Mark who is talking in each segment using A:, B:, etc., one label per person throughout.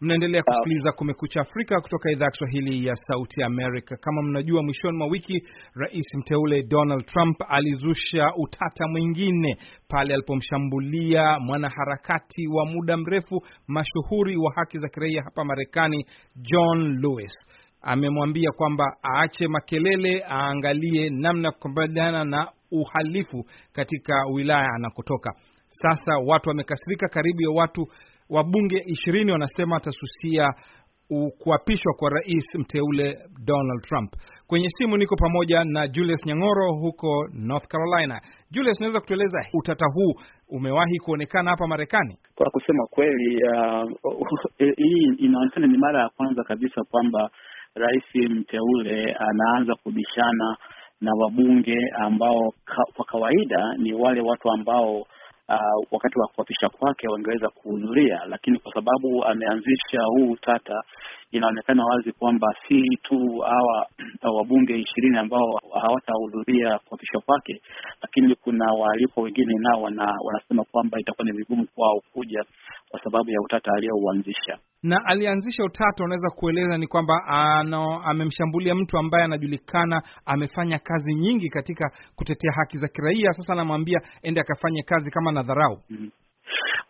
A: Mnaendelea kusikiliza Kumekucha Afrika kutoka idhaa ya Kiswahili ya Sauti Amerika. Kama mnajua, mwishoni mwa wiki rais mteule Donald Trump alizusha utata mwingine pale alipomshambulia mwanaharakati wa muda mrefu mashuhuri wa haki za kiraia hapa Marekani, John Lewis. Amemwambia kwamba aache makelele, aangalie namna ya kukabiliana na uhalifu katika wilaya anakotoka. Sasa watu wamekasirika, karibu ya watu wabunge ishirini wanasema atasusia kuapishwa kwa rais mteule Donald Trump. Kwenye simu niko pamoja na Julius Nyang'oro huko North Carolina. Julius, unaweza kutueleza utata huu umewahi kuonekana hapa Marekani?
B: Kwa kusema kweli, uh, hii uh, inaonekana ni mara ya kwanza kabisa kwamba rais mteule anaanza kubishana na wabunge ambao ka, kwa kawaida ni wale watu ambao uh, wakati wa kuapisha kwake wangeweza kuhudhuria, lakini kwa sababu ameanzisha huu tata inaonekana wazi kwamba si tu hawa wabunge ishirini ambao hawatahudhuria kuapishwa kwake, lakini kuna waalipo wengine nao wanasema kwamba itakuwa ni vigumu kwao kuja kwa sababu ya utata aliyouanzisha
A: na alianzisha utata, unaweza kueleza ni kwamba amemshambulia mtu ambaye anajulikana amefanya kazi nyingi katika kutetea haki za kiraia. Sasa anamwambia ende akafanye kazi kama na dharau mm -hmm.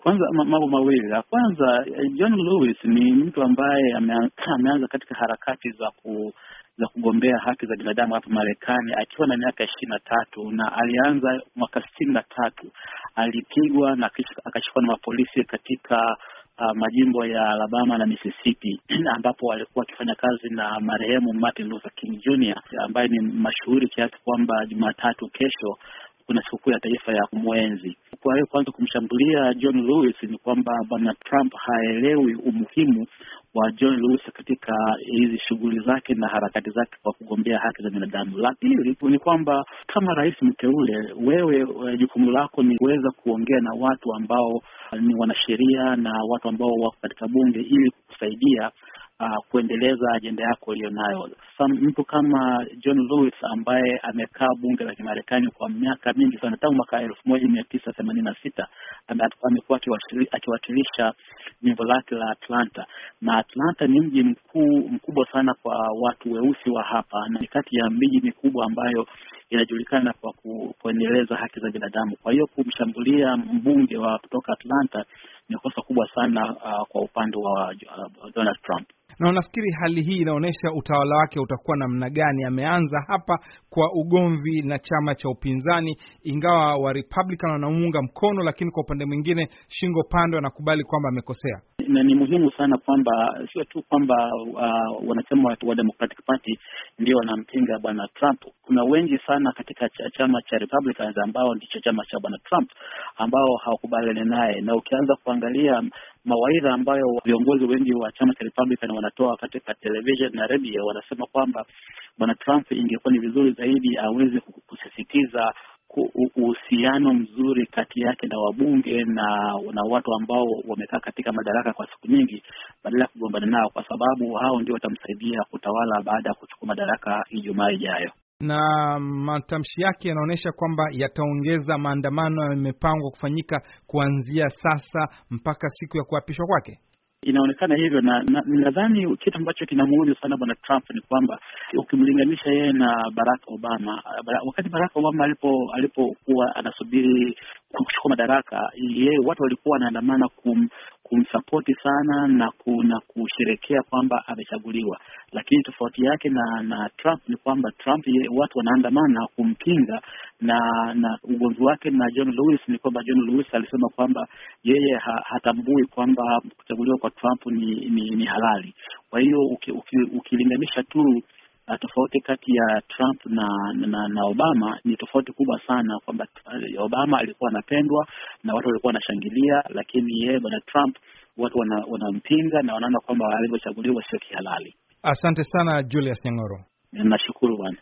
B: Kwanza mambo mawili. La kwanza, eh, John Lewis ni mtu ambaye ameanza katika harakati za ku za kugombea haki za binadamu hapa Marekani akiwa na miaka ishirini na tatu na alianza mwaka sitini na tatu alipigwa na akashikwa na mapolisi katika uh, majimbo ya Alabama na Mississippi ambapo walikuwa wakifanya kazi na marehemu Martin Luther King Jr. ambaye ni mashuhuri kiasi kwamba Jumatatu kesho kuna sikukuu ya taifa ya kumwenzi. Kwa hiyo kwanza, kumshambulia John Lewis ni kwamba bwana Trump haelewi umuhimu wa John Lewis katika hizi shughuli zake na harakati zake kwa kugombea haki za binadamu. La pili ni kwamba kama rais mteule, wewe eh, jukumu lako ni kuweza kuongea na watu ambao eh, ni wanasheria na watu ambao wako katika bunge ili kusaidia uh, kuendeleza ajenda yako iliyo nayo. mtu kama John Lewis ambaye amekaa bunge la Kimarekani kwa miaka mingi sana tangu mwaka elfu moja mia tisa themanini na sita amekuwa akiwakilisha jimbo lake la Atlanta, na Atlanta ni mji mkuu mkubwa sana kwa watu weusi wa hapa, na ni kati ya miji mikubwa ambayo inajulikana kwa kuendeleza haki za binadamu. Kwa hiyo kumshambulia mbunge wa kutoka Atlanta ni kosa kubwa sana uh, kwa upande wa uh, Donald Trump
A: na unafikiri hali hii inaonyesha utawala wake utakuwa namna gani? Ameanza hapa kwa ugomvi na chama cha upinzani, ingawa wa Republican wanamuunga mkono, lakini kwa upande mwingine shingo pande anakubali kwamba amekosea.
B: Na ni muhimu sana kwamba sio tu kwamba uh, wanachama wa Democratic Party ndio wanampinga bwana Trump. Kuna wengi sana katika chama cha Republicans ambao ndicho chama cha bwana Trump ambao hawakubaliani naye, na ukianza kuangalia mawaidha ambayo viongozi wengi wa chama cha Republican wanatoa katika television na radio, wanasema kwamba bwana Trump ingekuwa ni vizuri zaidi aweze kusisitiza uhusiano mzuri kati yake na wabunge na na watu ambao wamekaa katika madaraka kwa siku nyingi, badala ya kugombana nao, kwa sababu hao ndio watamsaidia kutawala baada ya kuchukua madaraka Ijumaa ijayo
A: na matamshi yake yanaonyesha kwamba yataongeza maandamano yamepangwa kufanyika kuanzia sasa mpaka siku ya kuapishwa kwake. Inaonekana hivyo
B: na nadhani na, kitu ambacho kinamuuzi sana bwana Trump ni kwamba ukimlinganisha yeye na Barack Obama, barak wakati Barack Obama alipo alipokuwa anasubiri kuchukua madaraka, yeye watu walikuwa wanaandamana kumsapoti sana na, kuna kusherekea kwamba amechaguliwa, lakini tofauti yake na na Trump ni kwamba Trump ye, watu wanaandamana kumpinga na na ugomvi wake na John Lewis ni kwamba John Lewis alisema kwamba yeye ha, hatambui kwamba kuchaguliwa kwa Trump ni, ni, ni halali. Kwa hiyo ukilinganisha uki, uki tu Ah, tofauti kati ya Trump na na, na Obama ni tofauti kubwa sana, kwamba Obama alikuwa anapendwa na watu walikuwa wanashangilia, lakini yeye bwana Trump watu wanampinga wana na wanaona kwamba alivyochaguliwa sio kihalali.
A: Asante sana Julius Nyang'oro, nashukuru bwana.